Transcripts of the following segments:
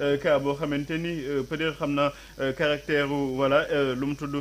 Euh, cas boo xamante ni euh, peut-être xam na euh, caractère voilà lu mu tudd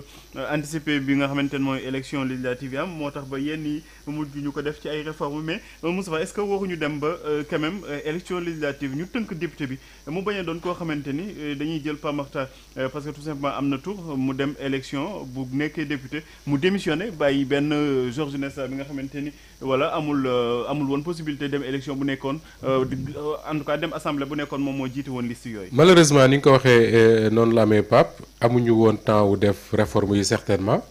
anticipé bi nga xamante ni mooy élection législative yi am moo tax ba yenn yi ba mujj ñu ko def ci ay réformes mais euh, Moustapha est-ce que waruñu dem ba euh, quand même euh, élection législative ñu tënk député bi mu bañ doon koo xamante ni dañuy jël Pape Makhtar parce que tout simplement am na tour mu dem élection bu nekkee député mu démissionné bàyyi benn Georges Nessa bi nga xamante ni voilà amul amul woon possibilité dem élection bu nekkoon en tout cas dem assemblée bu nekkoon moom moo jiite woon liste yooyu. malheureusement ni nga ko waxee noonu la amee Pape amuñu woon temps wu def réforme yi certainement.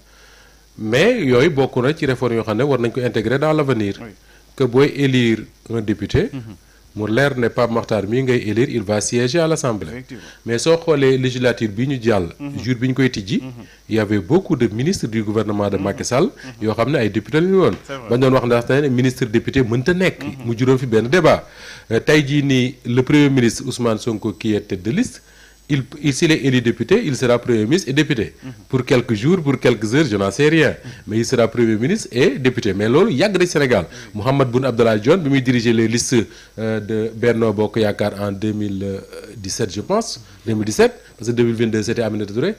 mais yooyu bokk na ci réforme yoo xam ne war nañ ko intégrer dans l' avenir oui. que booy élire un député mhm. mu leer ne Pape Makhtar mii ngay élire il va siéger à l' assemblée mais soo xoolee législature bi ñu jàll mhm. jour bi ñu koy tijji mhm. y avait beaucoup de ministres du gouvernement de Macky Sall yoo xam ne ay député la ñu woon bañ doon wax ndax ministre député mënta nekk mu juróom fi benn débat euh, tey jii nii le premier ministre Ousmane Sonko qui est tête de liste il s'il est élu député il sera premier ministre et député pour quelques jours pour quelques heures je n'en mais il sera premier ministre et député mais loolu yàgg na Sénégal Mahammed Boun Abdallah Dionne bi muy diriger les listes euh, de Benno Bokk Yaakaar en 2017 je pense 2017 parce que 2022 c'était Aminata Touré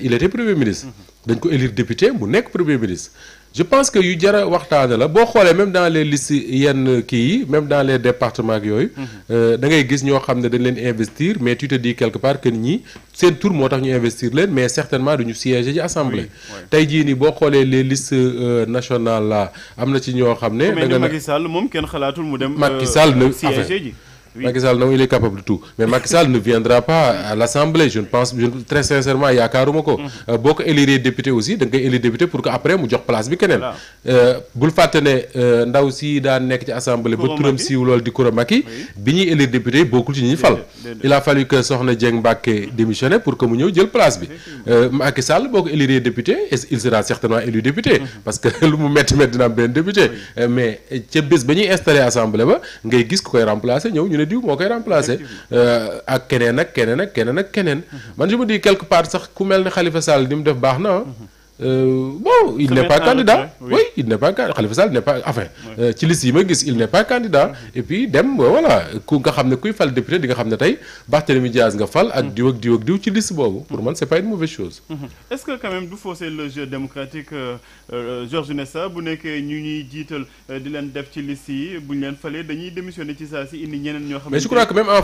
il était premier ministre dañ ko élire député mu nekk premier ministre je pense que yu jar a waxtaane la boo xoolee même dans les listes yenn kii yi même dans les départements ak yooyu. Mhm. Euh, da ngay gis ñoo xam ne dañ leen investir mais tu te dis quelque part que ñi seen tour moo tax ñu investir leen mais certainement duñu siéger ci assemblée. tey jii nii boo xoolee les listes euh, nationales la am na ci ñoo xam ne. da nga ne Macky Sall moom kenn xalaatul mu dem. Macky Sall euh, ne siéger ji oui. Macky Sall non il est capable tout mais Macky Sall viendra pas à l'Assemblée je ne pense très sincèrement yaakaaruma ko. Mm. Euh, boo ko élire député aussi da nga koy élire député pour que après mu jox place bi keneen. Euh, bul fàtte ne euh, ndaw si daan nekk ci assemblée. ba turam siiw lool di Koura Macky. bi ñuy élire député bokkul ci ñi fal. il a fallu que Soxna Dieng Mbacké démissionné pour que mu ñëw jël place bi. Macky boo ko élire député il sera certainement ne diw moo koy remplacer euh, ak keneen ak keneen ak keneen ak keneen mhm. man je me dis quelque part sax ku mel ne Khalifa Sall li mu def baax na ah. mhm. Euh, bon il n'est pas candidat oui. oui il n'est pas enfin euh, ci liste yi ma gis il n'est pas candidat et dem euh, voilà ku nga xam ne kuy fal député di nga xam ne tey Barthélemy Diaz nga fal ak mm-hmm. diw ak diw ak diw ci liste boobu pour man c'est pas une mauvaise chose mm-hmm. est-ce que quand même du fausser le jeu démocratique euh, Georges Nessa bu nekkee ñu ñuy jiital di leen def ci liste yi bu ñu leen falee dañuy démissionner ci saa si indi ñeneen ñoo xam mais je crois que même en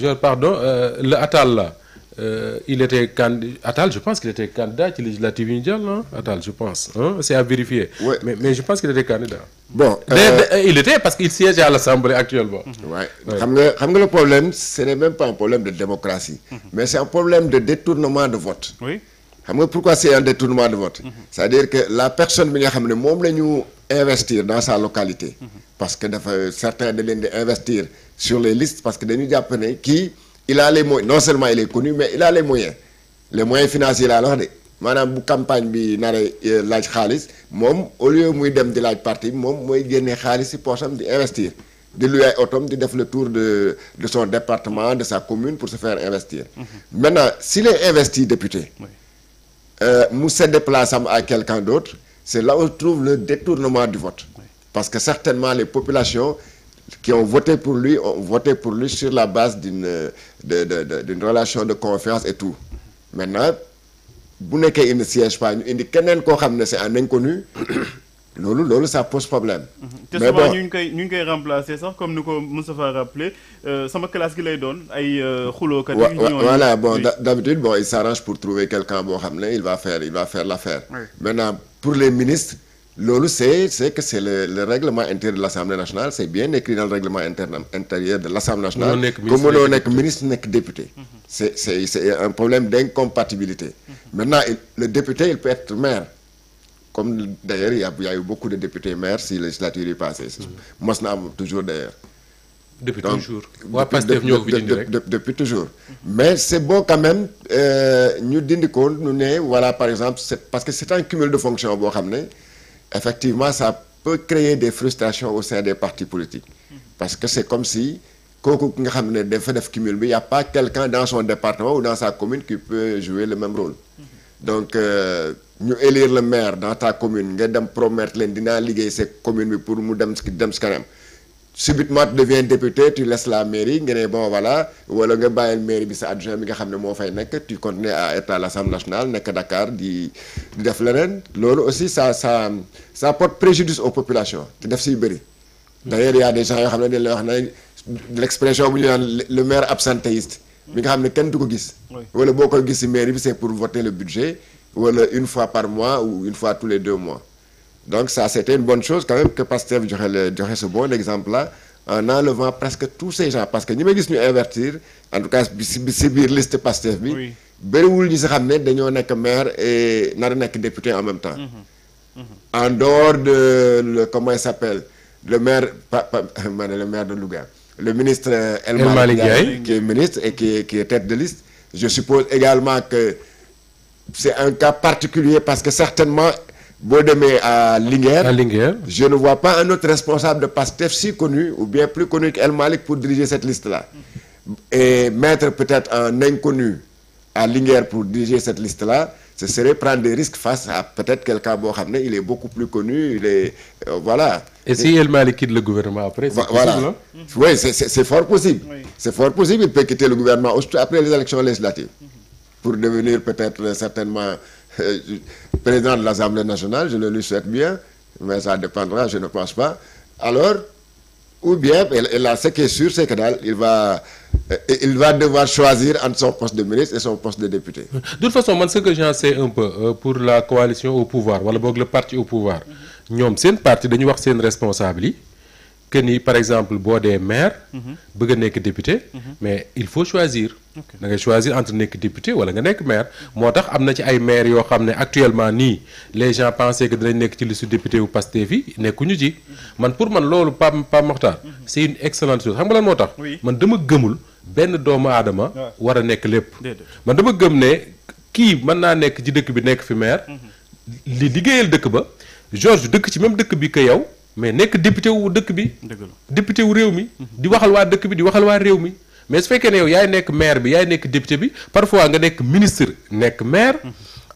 je pardon euh, le Atal là euh, il était candidat Atal je pense qu'il était candidat ci législative yi ñu je pense qu'il était candidat. bon euh, il était parce qu'il siège à l'Assemblée actuellement. Mm-hmm. waay xam le problème ce n'est même pas un problème de démocratie. Mm-hmm. mais c'est un problème de détournement de vote. oui xam pourquoi c'est un détournement de vote. Mm-hmm. c'est-à-dire que la personne bi nga xam ne moom la ñu investir dans sa localité. parce que sur les listes parce que dañu jàpp ne kii il a les moyens non seulement il est connu mais il a les moyens les moyens financiers laa la wax de maanaam bu campagne bi nar euh, laaj xaalis moom au lieu muy dem di laaj parti moom mooy génne xaalis si poosam di investir di luy ay otom di def le tour de de son département de sa commune pour se faire investir. Mhm. maintenant s'il est investi député. Euh, mu cède place am à quelqu'un d'autre c'est là où on trouve le détournement du parce que certainement les populations. qui ont voté pour lui ont voté pour lui sur la base d'une de de de relation de confiance et tout maintenant bu nekkee il ne siège pas ñu indi keneen koo xam ne c'est un inconnu loolu loolu ça pose problème. Mm-hmm. te souvent ñu ngi ñu ngi koy remplacer sax comme ni ko Moustapha rappelé euh, sama classe gi lay doon ay euh, xulookat. yu ñu voilà bon d'habitude bon il s'arrange pour trouver quelqu'un boo xam ne il va faire il va faire l'affaire. maintenant pour les ministres. loolu c'est c'est que c'est le le règlement intérieur de l'Assemblée nationale c'est bien écrit dans le règlement intérieur de l'Assemblée nationale comme mënoo nekk ministre nekk député c'est c'est c'est un problème d'incompatibilité maintenant il, le député il peut être maire comme d'ailleurs y a il beaucoup de députés maires si législature yi passée mm-hmm. mos na toujours d'ailleurs depuis toujours mais c'est bon quand même euh, ñu dindi ko ñu ne voilà par exemple c'est que c'est un de fonction boo xam ne effectivement, ça peut créer des frustrations au sein des partis politiques. Parce que c'est comme si, il bi a pas quelqu'un dans son département ou dans sa commune qui peut jouer le même rôle. Donc, euh, ñu nous élire le maire dans ta commune, nga promettre que leen allons liguer se commune bi pour mu dem faire ce subitement tu deviens député tu laisses la mairie nga ne bon voilà wala nga bàyyil mairie bi sa adjoint bi nga xam ne moo fay nekk tu continues à être à l'Assemblée nationale nekk Dakar di di def leneen loolu aussi ça ça ça porte préjudice aux populations te def si bëri d'ailleurs y a des gens yoo xam ne dañ lay wax le l'expression bu ñu naan le maire absentéiste bi nga xam ne kenn du ko gis wala boo koy gis si mairie bi c'est pour voter le budget wala une fois mois une fois tous les mois donc ça c'était une bonne chose quand même que Pastef joxe le joxe ce bon exemple là en enlevant presque tous ces gens parce que ñi may gis ñu invertir en tout cas si si biir liste Pastef bi bëriwul ñi sa xam ne dañoo nekk maire et nar nekk député en même temps mhm. Mhm. en dehors de le comment il le maire ma ne le maire de Louga le ministre euh, El Malick qui est ministre et qui est qui est tête de liste je suppose également que c'est un cas particulier parce que certainement boo demee à Linguère à Linguère je ne vois pas un autre responsable de PASTEF connu ou bien plus connu que pour diriger cette liste là et mettre peut-être un inconnu à Linguère pour diriger cette liste là ce serait prendre des risques face à peut-être quelqu'un boo xam il est beaucoup plus connu il est euh, voilà. et si El quitte le gouvernement après. les élections législatives. Mhm. pour devenir peut-être euh, certainement. Euh, président de l'Assemblée nationale, je le lui souhaite bien, mais ça dépendra, je ne pense pas. Alors, ou bien, et là, ce qui est sûr, c'est que daal il va euh, il va devoir choisir entre son poste de ministre et son poste de député. de façon man ce que j'en sais un peu euh, pour la coalition au pouvoir wala boog le parti au pouvoir ñoom seen parti dañu wax seen responsable yi. que ni par exemple boo dee maire. Mhm. bëgg a nekk député. Mhm. mais il faut choisir. da ngay choisir entre nekk député wala nga nekk maire. moo tax am na ci ay maire yoo xam ne actuellement nii les gens pensaient que dinañ nekk ci liste député wu Pastef yi nekkuñu ci. Mhm. man pour man loolu pam pam Mokhtar. c' est une excellente chose xam nga lan moo tax. man dama gëmul benn doomu aadama. war a nekk lépp. man dama gëm ne kii mën naa nekk ci dëkk bi nekk fi maire. li liggéeyal dëkk ba Georges dëkk ci même dëkk bi que yow. mais nekk député wu dëkk bi. député wu réew mi. di waxal waa dëkk bi di waxal waa réew mi mais su fekkee ne yow yaay nekk maire bi yaay nekk député bi par fois nga nekk ministre nekk maire.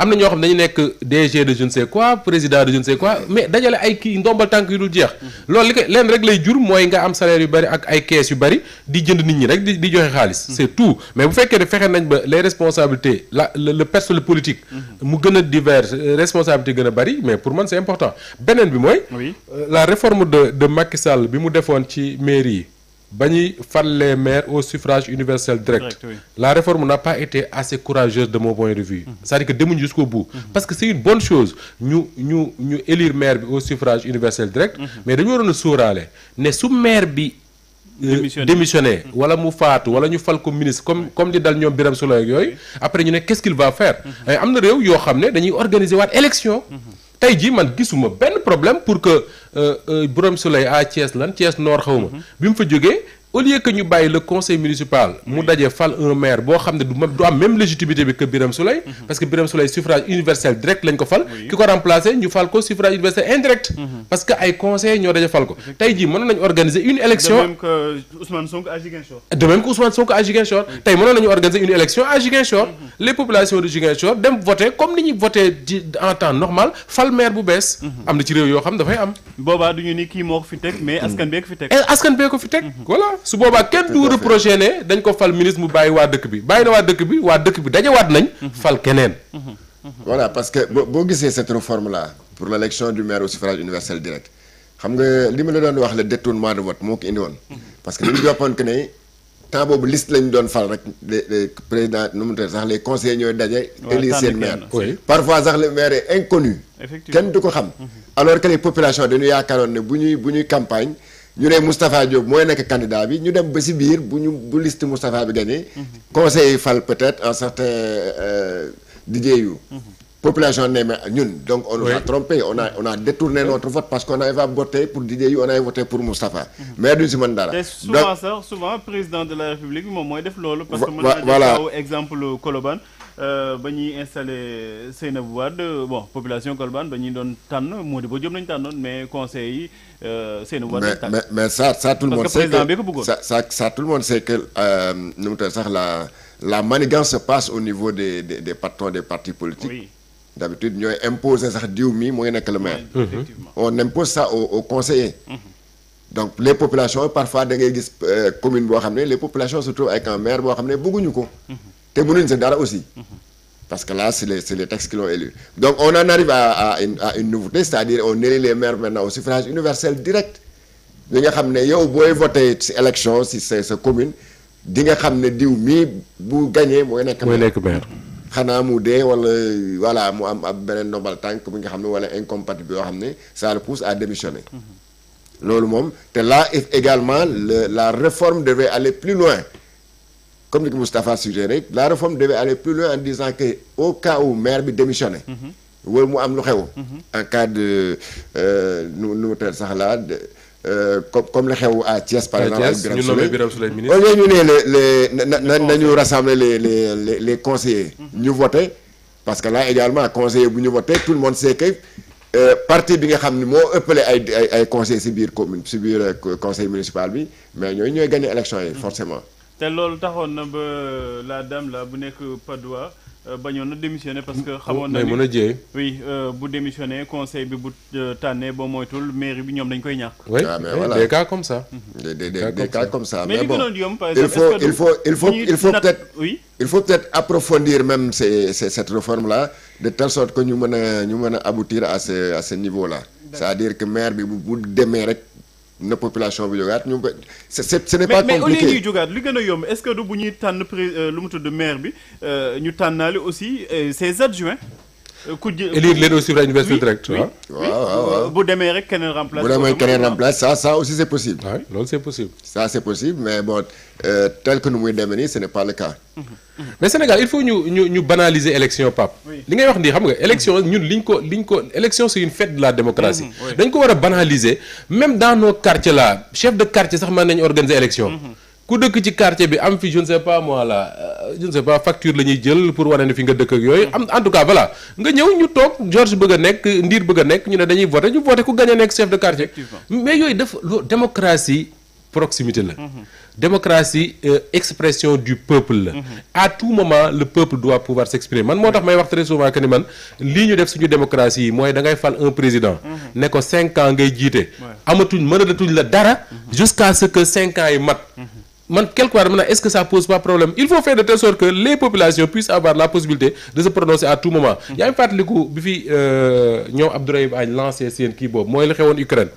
am na ñoo xam ne dañu nekk DG de je ne sais quoi président de je ne sais quoi mais dajale ay kii ndombal tànk yu dul jeex. loolu li ko leen rek lay jur mooy nga am salaire yu bari ak ay kees yu bari di jënd nit ñi rek di di joxe xaalis. Mm-hmm. c'est tout mais bu fekkee ne fexe nañ ba les responsabilités la le le personnel politique. Mm-hmm. mu gën a divers responsabilité gën a bari mais pour man c'est important beneen bi mooy. Euh, la réforme de de Macky Sall bi mu defoon ci mairie yi. ba ñuy fal les maires au suffrage universel direct, direct oui. la réforme n'a pas été assez courageuse de mon point de vue mm-hmm. c'est-à-dire que demuñu jusqu'au bout mm-hmm. parce que c'est une bonne chose ñu ñu ñu élire maire bi au suffrage universel direct mm-hmm. mais dañu waroon a sóoraale ne su maire bi euh, démissionné wala mu faatu wala ñu fal ko ministre comme comme di dal ñoom Birame Souleye yooyu après ñu ne qu'est-ce qu'il va faire am na réew yoo xam ne dañuy organiser waat élection tey jii man gisuma benn problème pour que Birame Souleye à Thiès lan Thiès Nord xaw ma mhm. bi mu fa jógee au lieu que ñu bàyyi le conseil municipal mu daje fal un maire boo xam ne du du am même légitimité bi que Birame Souleye mhm. parce que Birame Souleye suffrage universel direct lañ ko fal ki ko remplacer ñu fal ko suffrage universel indirect mhm. parce que ay conseil ñoo daje fal ko tey jii mënoon nañu organiser une élection de même que Ousmane Sonko à Ziguinchor de même que Ousmane Sonko à Ziguinchor tey mënoon nañu organiser une élection à mhm. fal maire bu bees am na ci réew yoo xam dafay am boobaa duñu ni kii moo ko fi teg mais askan fi teg eh, su boobaa kenn du reproché ne dañ ko fal ministre mu bàyyi waa dëkk bi bàyyi na waa dëkk bi waa dëkk bi dajawaat nañ. fal keneen. voilà parce que boo gisee cette réforme là pour l' élection du maire au suffrage universel direct xam nga li ma la doon wax le détournement de vote moo ko indi woon. parce que dañu jàppoon que ne temps boobu liste lañu doon fal rek les les présidents nu mu ñooy daje. élire seen maire parfois sax maire est inconnu. Mhm. bu ñuy bu ñu ne Moustapha Diop mooy nekk candidat bi ñu dem ba si biir bu ñu bu liste Moustapha bi gagné. Mhm. conseil yi fal peut-être certain euh, Didier Yu. Mhm. population ne mais ñun donc on a trompé on a mhm. on a détourné notre vote parce qu'on avait voté pour Didier Yu on avait voté pour Moustapha. mais duñ si mën dara. souvent sax souvent président de la République moom mooy def loolu. parce que mën naa jox exemple Colobane. Euh, ba ñuy installé Seynabou Wade bon population Colobane ba ñuy doon tànn moo di ba jëm nañu tànnoon mais conseil yi euh, Seynabou Wade. mais mais mais ça ça tout le monde. sait que président bi ko sax la la manigance se passe au niveau de des des patrons des partis politiques. Oui. d'habitude ñooy imposer sax diw mi mooy nekk le maire. on impose ça aux aux mm-hmm. donc les populations parfois da gis euh, commune boo xam ne les populations se trouvent avec maire boo xam ne bëgguñu ko. Mm-hmm. te mënuñ sa dara aussi parce que là c'est les c'est qui l'ont élu donc on en arrive à à une à les maires maintenant au suffrage universel direct ñi nga xam ne yow booy voté ci élection si sa sa commune di nga xam ne diw mii bu gagné mooy nekk mooy nekk maire xanaa mu dee wala voilà mu am ab beneen ndombal tànk bi nga xam ne wala incompatible yoo xam ne ça le pousse à démissionner mhm. loolu moom te là également le la réforme devait aller plus loin comme ni ko Moustapha suggéré la réforme devait aller plus loin en disant que au cas où maire bi démissionné mhm. wala mu am lu xew mhm. en cas de euh, nu nu tel sax la euh, comme comme la xew à Thiès par exemple ak Birame Souleye au lieu ñu ne les les na nañu rassembler les les les conseillers mhm. ñu voté parce que là également conseiller bu ñu voté tout le monde sait que euh, parti bi nga xam ne moo ëppale ay ay ay conseillers si biir commune si biir conseil municipal bi mais ñooyu ñooy gagné élection yi forcément te loolu taxoon na ba la dame la bu nekk Padois euh, bañoon na démissionné parce que xamoon na mën a jiyee oui euh, bu démissionné conseil bi bu euh, tànnee boo moytul mairie bi ñoom dañ koy ñàkk oui ah, eh, des comme ça mhm. des des cas comme ça mais li gënoon yomb par exemple il faut il faut il faut il faut peut approfondir même cette réforme là de telle sorte que ñu mën a ñu mën a aboutir à ce à ce niveau là cest dire que maire bi bu demee rek na population bi jógaat ñu ngi koy ce n'est pas compliqué mais au lieu ñuy jógaat li gën a yomb est-ce que du bu ñuy tànn pré euh, lu mu tudd maire bi euh, ñu tànnaale aussi euh, at juin ku jë élire leen aussi à l'université directe. waaw waaw waaw bu demee rek keneen remplace. bu demee keneen remplace ça ça aussi possible. waaw loolu possible. mais bon euh, tel que nu muy demee nii ce n' est pas le cas. Mhm, mhm. mais Sénégal il faut ñu ñu ñu banaliser élection Pape. li ngay wax nii xam nga élection ñun liñ ko liñ ko élection c' est une fête de la démocratie. Mhm, dañ ko war a banaliser même dans nos quartiers là chef de quartier sax mën nañu organiser élection. ku dëkk ci quartier bi am fi euh, je ne sais pas facture la ñuy jël pour wane ne fi nga dëkk yooyu am en tout cas voilà nga ñëw ñu toog Georges bëgg a nekk Ndiir bëgg a nekk ñu ne dañuy voté ñu voté ku gañ a nekk chef de quartier mais yooyu def démocratie proximité la mhm. démocratie euh, expression du peuple la mhm. à tout moment le peuple doit pouvoir s'exprimer man moo tax may wax très souvent que ni man lii ñu def suñu démocratie yi mooy da ngay fal un président mhm. man quelque part maintenant est-ce que ça pose pas problème il faut faire de que les populations puissent avoir la possibilité de se prononcer à tout moment mm-hmm. yaa fàttaliku bi fi euh, ñoom Abdourahim Agne lancé seen kii boobu mooy la xewoon Ukraine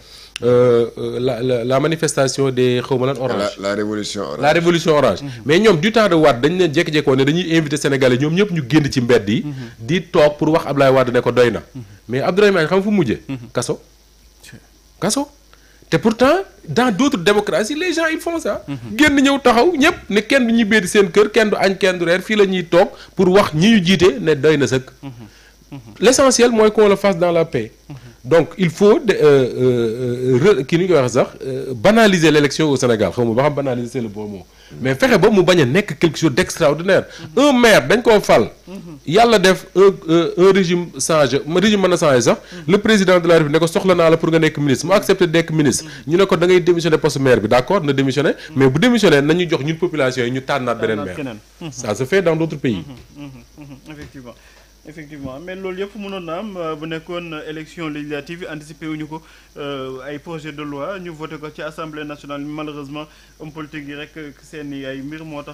Euh, euh, la, la manifestation des xawma ma orange. La, révolution orange la révolution orange. Mm-hmm. mais ñoom du temps de Wade dañ leen jékki-jékkoon ne dañuy invité sénégalais ñoom ñëpp ñu génn ci mbedd yi. Mm-hmm. di toog pour wax Ablaye Wade ne ko doy na. mais Abdourahmane xam fu mujjee. kaso kaso. te pourtant dans d'autres démocraties les gens ils font ça. génn ñëw taxaw ñëpp ne kenn du ñibbee seen kër kenn du añ kenn du reer fii la ñuy toog pour wax ñi ñu jiite ne doy na sëkk. Mhm. Mhm. l'essentiel mooy qu'on le fasse dans la paix. Mhm. donc il faut de euh, euh, euh, kii ni ñu koy waxee sax banaliser l'élection au Sénégal xaw ma ba xam banaliser c'est le bon mais fexe ba mu bañ a nekk quelque chose d'extraordinaire mm-hmm. un maire dañ koo fal mm-hmm. yàlla def un régime changé régime mën a changé sax mm-hmm. le président de la République ne ko soxla naa la pour nga nekk ministre mu accepté nekk ministre ñu ne ko da ngay démissionner maire bi d'accord na démissionner mais bu démissionner nañu jox ñun population yi ñu tànnaat beneen maire effectivement mais loolu yëpp mënoon na am euh, bu nekkoon élection législative yi anticipé wuñu ko euh, ay projet de loi ñu voté ko ci assemblée nationale malheureusement homme politique yi rek euh, seen i ay mbir moo tax